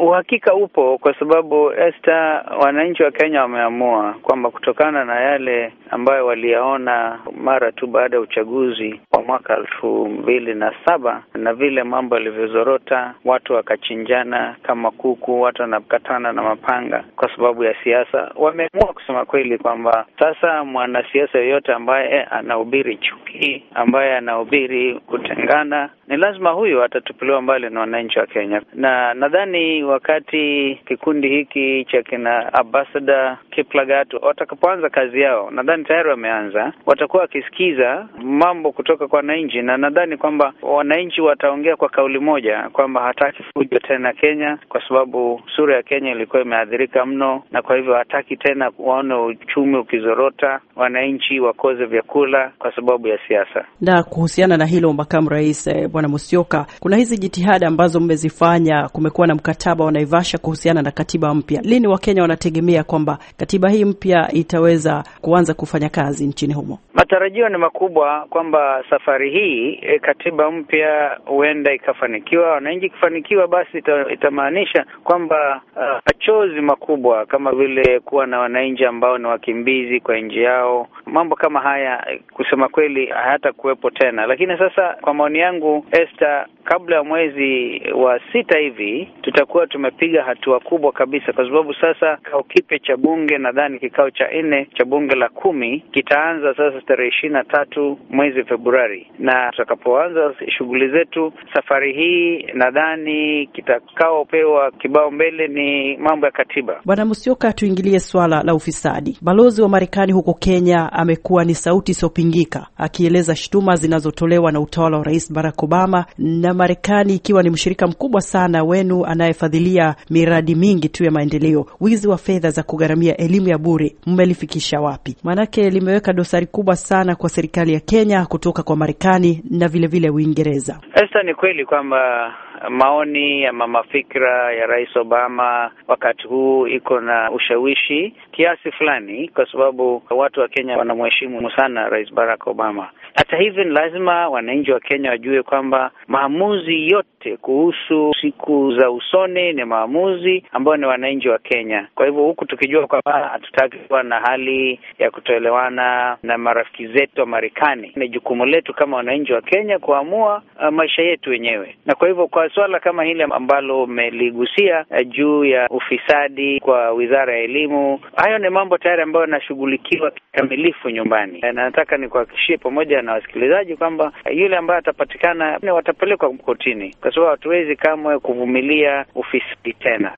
uhakika upo kwa sababu esta wananchi wa Kenya wameamua kwamba kutokana na yale ambayo waliyaona mara tu baada ya uchaguzi wa mwaka elfu mbili na saba na vile mambo yalivyozorota, watu wakachinjana kama kuku, watu wanakatana na mapanga kwa sababu ya siasa, wameamua kusema kweli kwamba sasa mwanasiasa yoyote ambaye anahubiri chuki, ambaye anahubiri kutengana ni lazima huyo atatupiliwa mbali na wananchi wa Kenya, na nadhani wakati kikundi hiki cha kina Ambassador Kiplagat watakapoanza kazi yao, nadhani tayari wameanza, watakuwa wakisikiza mambo kutoka kwa wananchi, na nadhani kwamba wananchi wataongea kwa kauli moja kwamba hataki fujo tena Kenya, kwa sababu sura ya Kenya ilikuwa imeathirika mno, na kwa hivyo hataki tena waone uchumi ukizorota, wananchi wakoze vyakula kwa sababu ya siasa. Na kuhusiana na hilo, makamu rais eh, Bwana musioka kuna hizi jitihada ambazo mmezifanya, kumekuwa na mkataba wa Naivasha kuhusiana na katiba mpya. Lini Wakenya wanategemea kwamba katiba hii mpya itaweza kuanza kufanya kazi nchini humo? Matarajio ni makubwa kwamba safari hii e, katiba mpya huenda ikafanikiwa. Wananchi ikifanikiwa, basi ita, itamaanisha kwamba uh, machozi makubwa kama vile kuwa na wananchi ambao ni wakimbizi kwa nchi yao mambo kama haya kusema kweli hata kuwepo tena. Lakini sasa, kwa maoni yangu, Esther, kabla ya mwezi wa sita hivi tutakuwa tumepiga hatua kubwa kabisa, kwa sababu sasa kikao kipya cha bunge, nadhani kikao cha nne cha bunge la kumi kitaanza sasa tarehe ishirini na tatu mwezi Februari, na tutakapoanza shughuli zetu safari hii, nadhani kitakaopewa kibao mbele ni mambo ya katiba. Bwana musioka tuingilie swala la ufisadi. Balozi wa Marekani huko Kenya amekuwa ni sauti isiyopingika akieleza shutuma zinazotolewa na utawala wa Rais Barack Obama na Marekani ikiwa ni mshirika mkubwa sana wenu anayefadhilia miradi mingi tu ya maendeleo, wizi wa fedha za kugharamia elimu ya bure mmelifikisha wapi? Maanake limeweka dosari kubwa sana kwa serikali ya Kenya kutoka kwa Marekani na vilevile Uingereza. Esta, ni kweli kwamba maoni ama mafikira ya Rais Obama wakati huu iko na ushawishi kiasi fulani, kwa sababu watu wa Kenya wanamheshimu sana Rais Barack Obama. Hata hivyo, ni lazima wananchi wa Kenya wajue kwamba maamuzi yote kuhusu siku za usoni ni maamuzi ambayo ni wananchi wa Kenya. Kwa hivyo, huku tukijua kwamba hatutaki kuwa na hali ya kutoelewana na marafiki zetu wa Marekani, ni jukumu letu kama wananchi wa Kenya kuamua uh, maisha yetu wenyewe, na kwa hivyo kwa swala kama hili ambalo umeligusia eh, juu ya ufisadi kwa wizara ya elimu. Hayo ni mambo tayari ambayo yanashughulikiwa kikamilifu nyumbani, eh, na nataka nikuhakikishie pamoja na wasikilizaji kwamba eh, yule ambaye atapatikana watapelekwa kotini, kwa sababu hatuwezi kamwe kuvumilia ufisadi tena.